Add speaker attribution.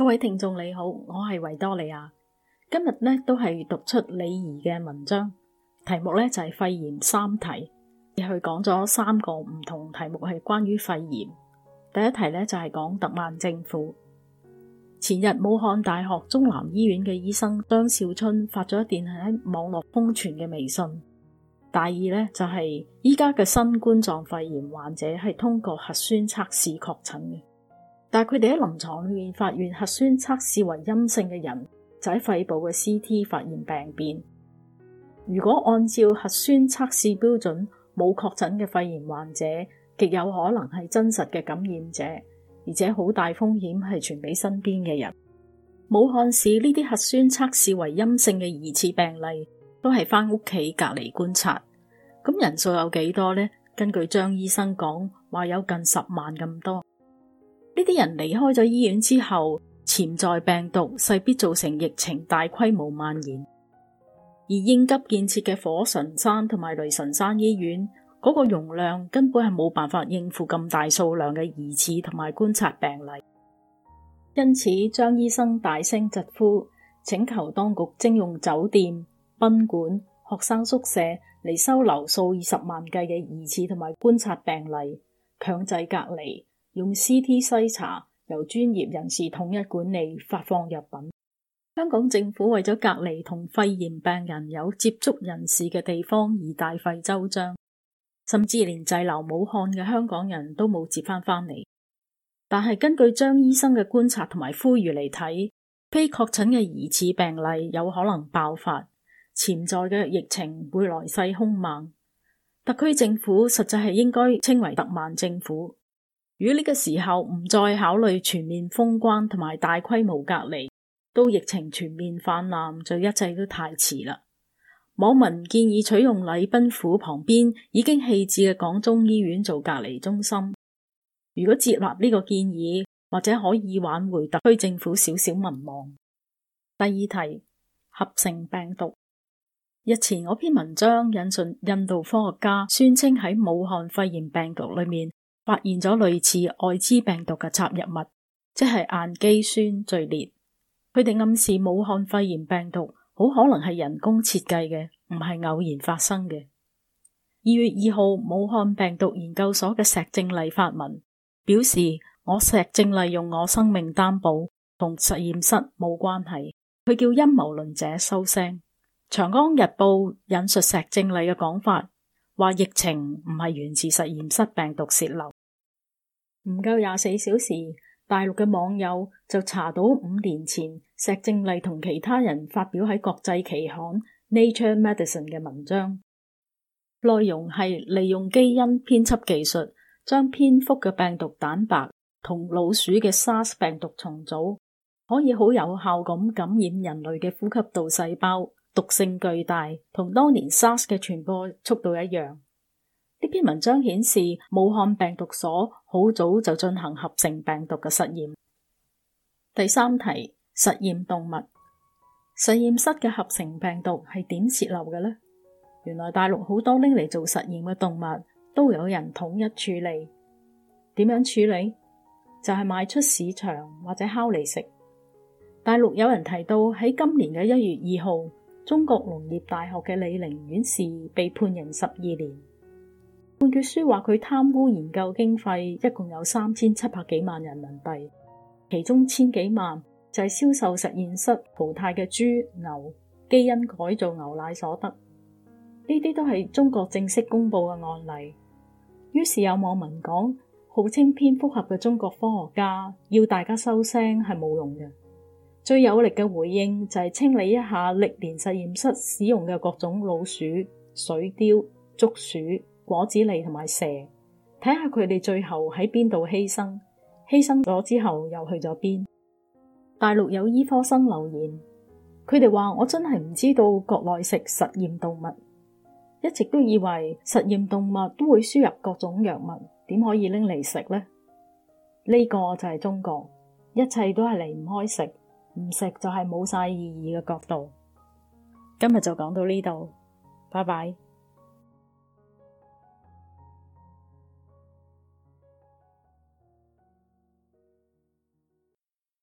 Speaker 1: 各位聽眾你好，我係維多利亞，今日呢，都係讀出李怡嘅文章，題目呢就係、是、肺炎三題，佢講咗三個唔同題目係關於肺炎。第一題呢，就係、是、講特曼政府，前日武漢大學中南醫院嘅醫生張少春發咗一段喺網絡瘋傳嘅微信。第二呢，就係依家嘅新冠狀肺炎患者係通過核酸測試確診嘅。但係佢哋喺臨床裏面發現核酸測試為陰性嘅人，就喺肺部嘅 CT 發現病變。如果按照核酸測試標準，冇確診嘅肺炎患者，極有可能係真實嘅感染者，而且好大風險係傳俾身邊嘅人。武漢市呢啲核酸測試為陰性嘅疑似病例，都係翻屋企隔離觀察。咁人數有幾多呢？根據張醫生講話，有近十萬咁多。啲人離開咗醫院之後，潛在病毒勢必造成疫情大規模蔓延。而應急建設嘅火神山同埋雷神山醫院嗰個容量根本係冇辦法應付咁大數量嘅疑似同埋觀察病例，因此張醫生大聲疾呼，請求當局徵用酒店、賓館、學生宿舍嚟收留數二十萬計嘅疑似同埋觀察病例，強制隔離。用 CT 篩查，由專業人士統一管理發放藥品。香港政府為咗隔離同肺炎病人有接觸人士嘅地方而大費周章，甚至連滯留武漢嘅香港人都冇接翻返嚟。但係根據張醫生嘅觀察同埋呼籲嚟睇，非確診嘅疑似病例有可能爆發，潛在嘅疫情會來勢兇猛。特區政府實際係應該稱為特慢政府。如果呢個時候唔再考慮全面封關同埋大規模隔離，到疫情全面泛濫就一切都太遲啦。網民建議取用禮賓府旁邊已經棄置嘅港中醫院做隔離中心。如果接納呢個建議，或者可以挽回特區政府少少民望。第二題，合成病毒。日前，我篇文章引述印度科學家宣稱喺武漢肺炎病毒裏面。發現咗類似艾滋病毒嘅插入物，即係氨基酸序列。佢哋暗示武漢肺炎病毒好可能係人工設計嘅，唔係偶然發生嘅。二月二號，武漢病毒研究所嘅石正麗發文表示，我石正麗用我生命擔保，同實驗室冇關係。佢叫陰謀論者收聲。《長江日報》引述石正麗嘅講法，話疫情唔係源自實驗室病毒泄漏。唔夠廿四小時，大陸嘅網友就查到五年前石正麗同其他人發表喺國際期刊 Nature Medicine 嘅文章，內容係利用基因編輯技術將蝙蝠嘅病毒蛋白同老鼠嘅 SARS 病毒重組，可以好有效咁感染人類嘅呼吸道細胞，毒性巨大，同當年 SARS 嘅傳播速度一樣。呢篇文章顯示，武漢病毒所好早就進行合成病毒嘅實驗。第三題，實驗動物。實驗室嘅合成病毒係點洩漏嘅呢？原來大陸好多拎嚟做實驗嘅動物都有人統一處理，點樣處理？就係、是、賣出市場或者烤嚟食。大陸有人提到喺今年嘅一月二號，中國農業大學嘅李寧院士被判刑十二年。決書話佢貪污研究經費，一共有三千七百幾萬人民幣，其中千幾萬就係銷售實驗室淘汰嘅豬牛基因改造牛奶所得。呢啲都係中國正式公布嘅案例。於是有網民講，號稱蝙蝠俠嘅中國科學家要大家收聲係冇用嘅。最有力嘅回應就係清理一下歷年實驗室使用嘅各種老鼠、水貂、竹鼠、果子狸同埋蛇，睇下佢哋最後喺邊度犧牲，犧牲咗之後又去咗邊？大陸有醫科生留言，佢哋話，我真係唔知道國內食實驗動物，一直都以為實驗動物都會輸入各種藥物，點可以拎嚟食咧？呢個就係中國，一切都係離唔開食，唔食就係冇晒意義嘅角度。今日就講到呢度，拜拜。